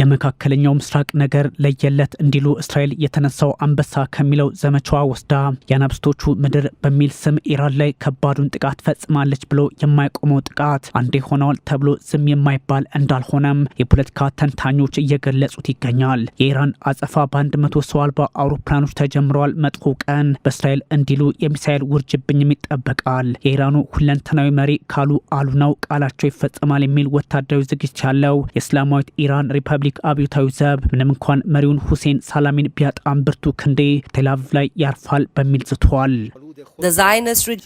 የመካከለኛው ምስራቅ ነገር ለየለት እንዲሉ እስራኤል የተነሳው አንበሳ ከሚለው ዘመቻዋ ወስዳ የአናብስቶቹ ምድር በሚል ስም ኢራን ላይ ከባዱን ጥቃት ፈጽማለች ብሎ የማይቆመው ጥቃት አንዴ ሆነዋል ተብሎ ዝም የማይባል እንዳልሆነም የፖለቲካ ተንታኞች እየገለጹት ይገኛል። የኢራን አጸፋ በአንድ መቶ ሰው አልባ አውሮፕላኖች ተጀምረዋል። መጥፎ ቀን በእስራኤል እንዲሉ የሚሳኤል ውርጅብኝም ይጠበቃል። የኢራኑ ሁለንተናዊ መሪ ካሉ አሉ ነው ቃላቸው ይፈጸማል የሚል ወታደራዊ ዝግጅት ያለው የእስላማዊት ኢራን ሪፐብሊክ የሞዛምቢክ አብዮታዊ ዘብ ምንም እንኳን መሪውን ሁሴን ሳላሚን ቢያጣም ብርቱ ክንዴ ቴልአቪቭ ላይ ያርፋል በሚል ዝተዋል።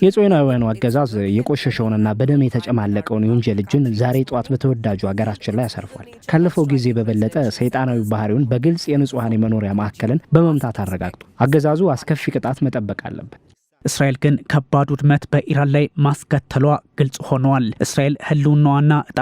የጽዮናውያኑ አገዛዝ የቆሸሸውንና በደም የተጨማለቀውን የወንጀል እጁን ዛሬ ጠዋት በተወዳጁ ሀገራችን ላይ አሰርፏል። ካለፈው ጊዜ በበለጠ ሰይጣናዊ ባህሪውን በግልጽ የንጹሐን የመኖሪያ ማዕከልን በመምታት አረጋግጧል። አገዛዙ አስከፊ ቅጣት መጠበቅ አለበት። እስራኤል ግን ከባድ ውድመት በኢራን ላይ ማስከተሏ ግልጽ ሆኗል። እስራኤል ህልውናዋና እጣ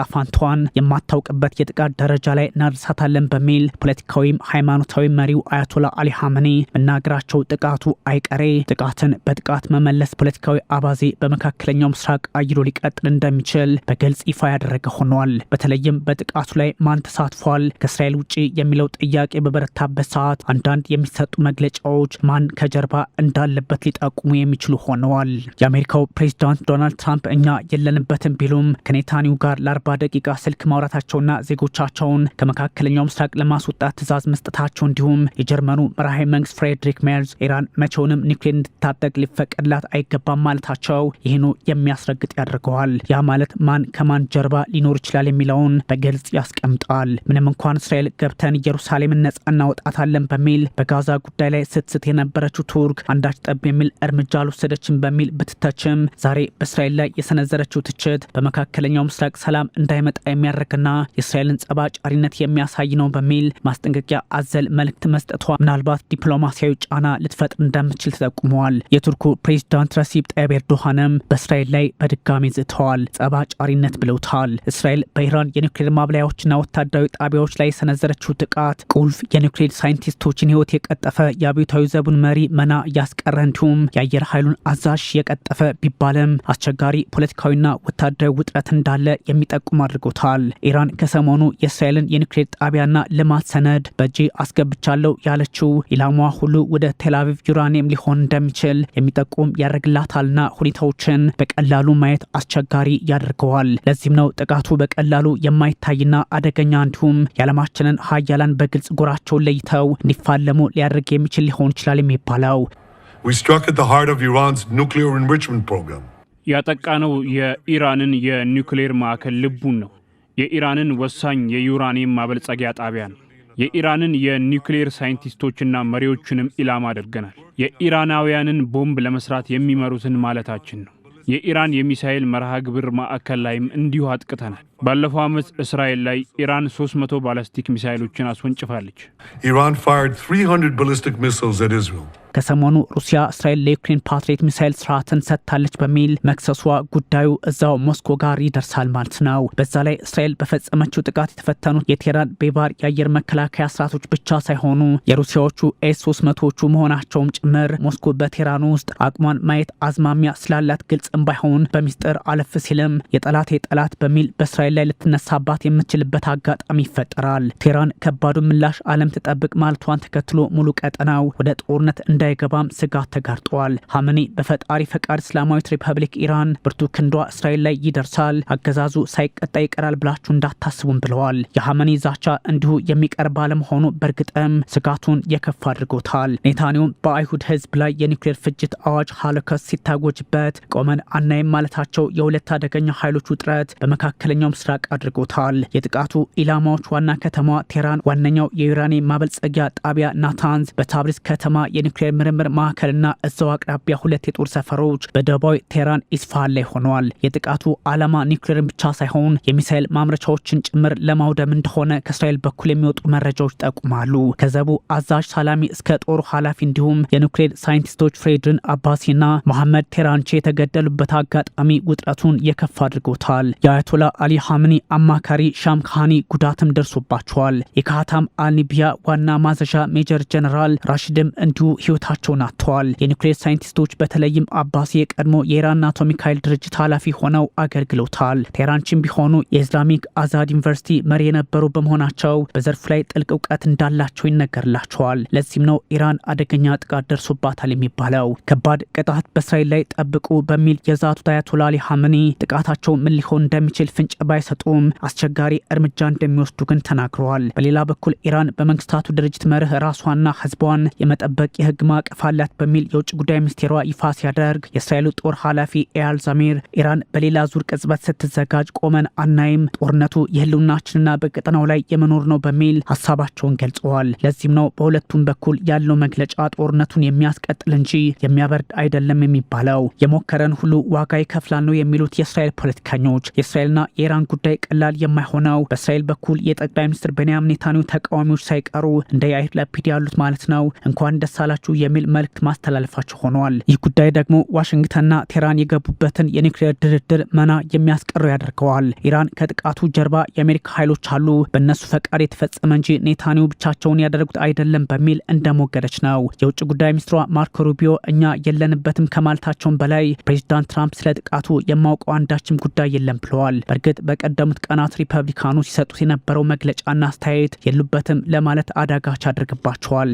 የማታውቅበት የጥቃት ደረጃ ላይ እናደርሳታለን በሚል ፖለቲካዊም ሃይማኖታዊ መሪው አያቶላ አሊ ሐመኔ መናገራቸው ጥቃቱ አይቀሬ ጥቃትን በጥቃት መመለስ ፖለቲካዊ አባዜ በመካከለኛው ምስራቅ አይሎ ሊቀጥል እንደሚችል በግልጽ ይፋ ያደረገ ሆኗል። በተለይም በጥቃቱ ላይ ማን ተሳትፏል ከእስራኤል ውጭ የሚለው ጥያቄ በበረታበት ሰዓት አንዳንድ የሚሰጡ መግለጫዎች ማን ከጀርባ እንዳለበት ሊጠቁሙ የሚችሉ ሆነዋል። የአሜሪካው ፕሬዚዳንት ዶናልድ ትራምፕ እኛ የለንበትም ቢሉም ከኔታኒው ጋር ለአርባ ደቂቃ ስልክ ማውራታቸውና ዜጎቻቸውን ከመካከለኛው ምስራቅ ለማስወጣት ትዕዛዝ መስጠታቸው እንዲሁም የጀርመኑ መራሄ መንግስት ፍሬድሪክ ሜርዝ ኢራን መቼውንም ኒውክሌር እንድታጠቅ ሊፈቀድላት አይገባም ማለታቸው ይህኑ የሚያስረግጥ ያደርገዋል። ያ ማለት ማን ከማን ጀርባ ሊኖር ይችላል የሚለውን በግልጽ ያስቀምጣል። ምንም እንኳን እስራኤል ገብተን ኢየሩሳሌምን ነጻ እናወጣታለን በሚል በጋዛ ጉዳይ ላይ ስትስት የነበረችው ቱርክ አንዳች ጠብ የሚል እርምጃ አልወሰደችም በሚል ብትተችም ዛሬ በእስራኤል ላይ የሰነዘረችው ትችት በመካከለኛው ምስራቅ ሰላም እንዳይመጣ የሚያደርግና የእስራኤልን ጸባ ጫሪነት የሚያሳይ ነው በሚል ማስጠንቀቂያ አዘል መልእክት መስጠቷ ምናልባት ዲፕሎማሲያዊ ጫና ልትፈጥር እንደምትችል ተጠቁመዋል። የቱርኩ ፕሬዚዳንት ረሲብ ጣይብ ኤርዶሃንም በእስራኤል ላይ በድጋሚ ዝተዋል። ጸባ ጫሪነት ብለውታል። እስራኤል በኢራን የኒውክሌር ማብላያዎችና ወታደራዊ ጣቢያዎች ላይ የሰነዘረችው ጥቃት ቁልፍ የኒውክሌር ሳይንቲስቶችን ህይወት የቀጠፈ የአብዮታዊ ዘቡን መሪ መና እያስቀረ እንዲሁም የአየር ኃይሉን አዛዥ የቀጠፈ ቢባልም አስቸጋሪ ፖለቲካዊና ወታደራዊ ውጥረት እንዳለ የሚጠቁም አድርጎታል። ኢራን ከሰሞኑ የእስራኤልን የኒውክሌር ጣቢያና ልማት ሰነድ በእጅ አስገብቻለሁ ያለችው ኢላማዋ ሁሉ ወደ ቴላቪቭ ዩራኒየም ሊሆን እንደሚችል የሚጠቁም ያደርግላታልና ሁኔታዎችን በቀላሉ ማየት አስቸጋሪ ያደርገዋል። ለዚህም ነው ጥቃቱ በቀላሉ የማይታይና አደገኛ እንዲሁም የዓለማችንን ሀያላን በግልጽ ጎራቸውን ለይተው እንዲፋለሙ ሊያደርግ የሚችል ሊሆን ይችላል የሚባለው። We struck ያጠቃነው የኢራንን የኒውክሌር ማዕከል ልቡን ነው። የኢራንን ወሳኝ የዩራኒየም ማበልጸጊያ ጣቢያ ነው። የኢራንን የኒውክሌር ሳይንቲስቶችና መሪዎችንም ኢላማ አድርገናል። የኢራናውያንን ቦምብ ለመስራት የሚመሩትን ማለታችን ነው። የኢራን የሚሳኤል መርሃ ግብር ማዕከል ላይም እንዲሁ አጥቅተናል። ባለፈው ዓመት እስራኤል ላይ ኢራን 300 ባላስቲክ ሚሳይሎችን አስወንጭፋለች። ከሰሞኑ ሩሲያ እስራኤል ለዩክሬን ፓትሪዮት ሚሳይል ስርዓትን ሰጥታለች በሚል መክሰሷ ጉዳዩ እዛው ሞስኮ ጋር ይደርሳል ማለት ነው። በዛ ላይ እስራኤል በፈጸመችው ጥቃት የተፈተኑት የቴህራን ቤባር የአየር መከላከያ ስርዓቶች ብቻ ሳይሆኑ የሩሲያዎቹ ኤስ 300ዎቹ መሆናቸውም ጭምር ሞስኮ በቴህራን ውስጥ አቅሟን ማየት አዝማሚያ ስላላት ግልጽም ባይሆን በሚስጥር አለፍ ሲልም የጠላት የጠላት በሚል በእስራኤል እስራኤል ላይ ልትነሳባት የምትችልበት አጋጣሚ ይፈጠራል። ቴህራን ከባዱን ምላሽ ዓለም ትጠብቅ ማለቷን ተከትሎ ሙሉ ቀጠናው ወደ ጦርነት እንዳይገባም ስጋት ተጋርጧል። ሐመኔ በፈጣሪ ፈቃድ እስላማዊት ሪፐብሊክ ኢራን ብርቱ ክንዷ እስራኤል ላይ ይደርሳል፣ አገዛዙ ሳይቀጣ ይቀራል ብላችሁ እንዳታስቡም ብለዋል። የሐመኔ ዛቻ እንዲሁ የሚቀርብ አለመሆኑ በእርግጥም ስጋቱን የከፍ አድርጎታል። ኔታንያሁም በአይሁድ ህዝብ ላይ የኒውክሌር ፍጅት አዋጅ ሀሎከስ ሲታጎጅበት ቆመን አናይም ማለታቸው የሁለት አደገኛ ኃይሎች ውጥረት በመካከለኛውም ምስራቅ አድርጎታል። የጥቃቱ ኢላማዎች ዋና ከተማ ቴራን ዋነኛው የዩራኒየም ማበልጸጊያ ጣቢያ ናታንዝ፣ በታብሪዝ ከተማ የኒውክሌር ምርምር ማዕከልና እዛው አቅራቢያ ሁለት የጦር ሰፈሮች በደቡባዊ ቴራን ኢስፋሃን ላይ ሆነዋል። የጥቃቱ ዓላማ ኒውክሌርን ብቻ ሳይሆን የሚሳኤል ማምረቻዎችን ጭምር ለማውደም እንደሆነ ከእስራኤል በኩል የሚወጡ መረጃዎች ጠቁማሉ። ከዘቡ አዛዥ ሳላሚ እስከ ጦሩ ኃላፊ እንዲሁም የኒውክሌር ሳይንቲስቶች አባሲ አባሲና መሐመድ ቴራንቼ የተገደሉበት አጋጣሚ ውጥረቱን የከፋ አድርጎታል። የአያቶላ አሊ ሐምኒ አማካሪ ሻምካኒ ጉዳትም ደርሶባቸዋል። የካታም አልኒቢያ ዋና ማዘዣ ሜጀር ጀነራል ራሽድም እንዲሁ ህይወታቸውን አጥተዋል። የኒውክሌር ሳይንቲስቶች በተለይም አባሲ የቀድሞ የኢራን አቶሚክ ኃይል ድርጅት ኃላፊ ሆነው አገልግሎታል። ቴህራንችን ቢሆኑ የኢስላሚክ አዛድ ዩኒቨርሲቲ መሪ የነበሩ በመሆናቸው በዘርፉ ላይ ጥልቅ እውቀት እንዳላቸው ይነገርላቸዋል። ለዚህም ነው ኢራን አደገኛ ጥቃት ደርሶባታል የሚባለው። ከባድ ቅጣት በእስራኤል ላይ ጠብቁ በሚል የዛቱት አያቶላህ አሊ ሐመኒ ጥቃታቸው ምን ሊሆን እንደሚችል ፍንጭ ባይሰጡም አስቸጋሪ እርምጃ እንደሚወስዱ ግን ተናግረዋል። በሌላ በኩል ኢራን በመንግስታቱ ድርጅት መርህ ራሷና ህዝቧን የመጠበቅ የህግ ማዕቀፍ አላት በሚል የውጭ ጉዳይ ሚኒስቴሯ ይፋ ሲያደርግ የእስራኤሉ ጦር ኃላፊ ኤያል ዛሚር ኢራን በሌላ ዙር ቅጽበት ስትዘጋጅ ቆመን አናይም፣ ጦርነቱ የህልውናችንና በቀጠናው ላይ የመኖር ነው በሚል ሀሳባቸውን ገልጸዋል። ለዚህም ነው በሁለቱም በኩል ያለው መግለጫ ጦርነቱን የሚያስቀጥል እንጂ የሚያበርድ አይደለም የሚባለው። የሞከረን ሁሉ ዋጋ ይከፍላል ነው የሚሉት የእስራኤል ፖለቲከኞች የእስራኤልና የኢራን የኢራን ጉዳይ ቀላል የማይሆነው በእስራኤል በኩል የጠቅላይ ሚኒስትር ቤንያሚን ኔታንያሁ ተቃዋሚዎች ሳይቀሩ እንደ ያይር ላፒድ ያሉት ማለት ነው እንኳን ደስ አላችሁ የሚል መልእክት ማስተላለፋቸው ሆነዋል። ይህ ጉዳይ ደግሞ ዋሽንግተንና ቴህራን የገቡበትን የኒውክሌር ድርድር መና የሚያስቀሩ ያደርገዋል። ኢራን ከጥቃቱ ጀርባ የአሜሪካ ኃይሎች አሉ፣ በእነሱ ፈቃድ የተፈጸመ እንጂ ኔታንያሁ ብቻቸውን ያደረጉት አይደለም በሚል እንደሞገደች ነው። የውጭ ጉዳይ ሚኒስትሯ ማርኮ ሩቢዮ እኛ የለንበትም ከማለታቸውን በላይ ፕሬዚዳንት ትራምፕ ስለ ጥቃቱ የማውቀው አንዳችም ጉዳይ የለም ብለዋል። በእርግጥ በቀደሙት ቀናት ሪፐብሊካኑ ሲሰጡት የነበረው መግለጫና አስተያየት የሉበትም ለማለት አዳጋች አድርግባቸዋል።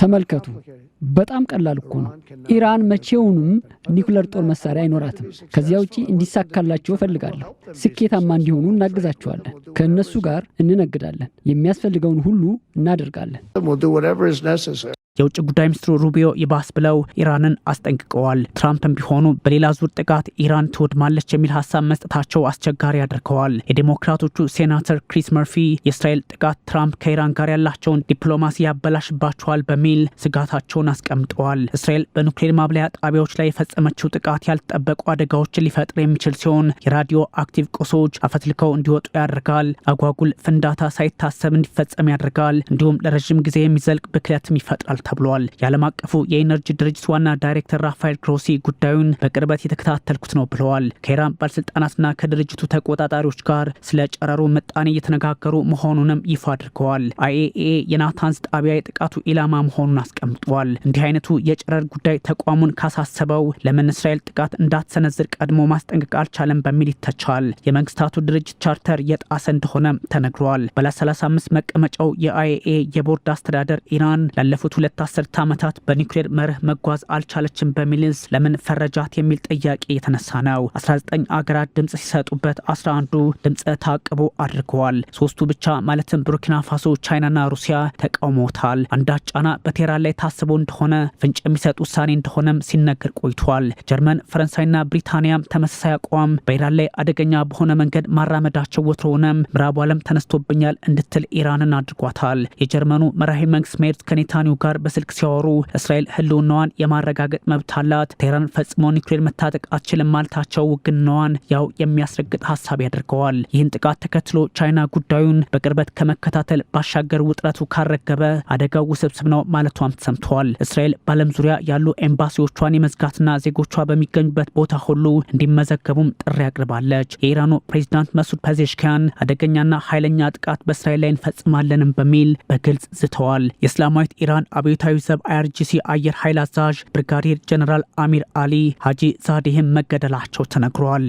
ተመልከቱ፣ በጣም ቀላል እኮ ነው። ኢራን መቼውንም ኒኩለር ጦር መሳሪያ አይኖራትም። ከዚያ ውጪ እንዲሳካላቸው እፈልጋለሁ። ስኬታማ እንዲሆኑ እናግዛቸዋለን። ከእነሱ ጋር እንነግዳለን። የሚያስፈልገውን ሁሉ እናደርጋለን። የውጭ ጉዳይ ሚኒስትሩ ሩቢዮ ይባስ ብለው ኢራንን አስጠንቅቀዋል። ትራምፕም ቢሆኑ በሌላ ዙር ጥቃት ኢራን ትወድማለች የሚል ሀሳብ መስጠታቸው አስቸጋሪ አድርገዋል። የዴሞክራቶቹ ሴናተር ክሪስ መርፊ የእስራኤል ጥቃት ትራምፕ ከኢራን ጋር ያላቸውን ዲፕሎማሲ ያበላሽባቸዋል በሚል ስጋታቸውን አስቀምጠዋል። እስራኤል በኑክሌር ማብለያ ጣቢያዎች ላይ የፈጸመችው ጥቃት ያልተጠበቁ አደጋዎችን ሊፈጥር የሚችል ሲሆን የራዲዮ አክቲቭ ቁሶች አፈትልከው እንዲወጡ ያደርጋል። አጓጉል ፍንዳታ ሳይታሰብ እንዲፈጸም ያደርጋል። እንዲሁም ለረዥም ጊዜ የሚዘልቅ ብክለትም ይፈጥራል። ተብሏል። የዓለም አቀፉ የኢነርጂ ድርጅት ዋና ዳይሬክተር ራፋኤል ግሮሲ ጉዳዩን በቅርበት የተከታተልኩት ነው ብለዋል። ከኢራን ባለስልጣናትና ከድርጅቱ ተቆጣጣሪዎች ጋር ስለ ጨረሩ ምጣኔ እየተነጋገሩ መሆኑንም ይፋ አድርገዋል። አይኤኤ የናታንስ ጣቢያ የጥቃቱ ኢላማ መሆኑን አስቀምጧል። እንዲህ አይነቱ የጨረር ጉዳይ ተቋሙን ካሳሰበው ለምን እስራኤል ጥቃት እንዳትሰነዝር ቀድሞ ማስጠንቀቅ አልቻለም በሚል ይተቻል። የመንግስታቱ ድርጅት ቻርተር የጣሰ እንደሆነ ተነግሯል። ባለ 35 መቀመጫው የአይኤኤ የቦርድ አስተዳደር ኢራን ላለፉት ሁለት አስርተ ዓመታት በኒውክሌር መርህ መጓዝ አልቻለችም በሚልስ ለምን ፈረጃት የሚል ጥያቄ የተነሳ ነው። 19 አገራት ድምፅ ሲሰጡበት 11ዱ ድምፅ ታቅቦ አድርገዋል። ሶስቱ ብቻ ማለትም ቡርኪና ፋሶ፣ ቻይናና ሩሲያ ተቃውሞታል። አንዳች ጫና በቴህራን ላይ ታስቦ እንደሆነ ፍንጭ የሚሰጥ ውሳኔ እንደሆነም ሲነገር ቆይቷል። ጀርመን፣ ፈረንሳይና ብሪታንያም ተመሳሳይ አቋም በኢራን ላይ አደገኛ በሆነ መንገድ ማራመዳቸው ወትሮውንም ምዕራቡ ዓለም ተነስቶብኛል እንድትል ኢራንን አድርጓታል። የጀርመኑ መራሄ መንግስት ሜርት ከኔታኒው ጋር በስልክ ሲያወሩ እስራኤል ህልውናዋን የማረጋገጥ መብት አላት፣ ቴህራን ፈጽሞ ኒውክሌር መታጠቅ አችልም ማለታቸው ውግናዋን ያው የሚያስረግጥ ሀሳብ ያደርገዋል። ይህን ጥቃት ተከትሎ ቻይና ጉዳዩን በቅርበት ከመከታተል ባሻገር ውጥረቱ ካረገበ አደጋው ውስብስብ ነው ማለቷም ተሰምተዋል። እስራኤል በዓለም ዙሪያ ያሉ ኤምባሲዎቿን የመዝጋትና ዜጎቿ በሚገኙበት ቦታ ሁሉ እንዲመዘገቡም ጥሪ አቅርባለች። የኢራኑ ፕሬዚዳንት መሱድ ፐዜሽኪያን አደገኛና ኃይለኛ ጥቃት በእስራኤል ላይ እንፈጽማለንም በሚል በግልጽ ዝተዋል። የእስላማዊት ኢራን አብ አብዮታዊ ሰብ አይአርጂሲ አየር ኃይል አዛዥ ብርጋዴር ጀነራል አሚር አሊ ሀጂ ዛዴህም መገደላቸው ተነግሯል።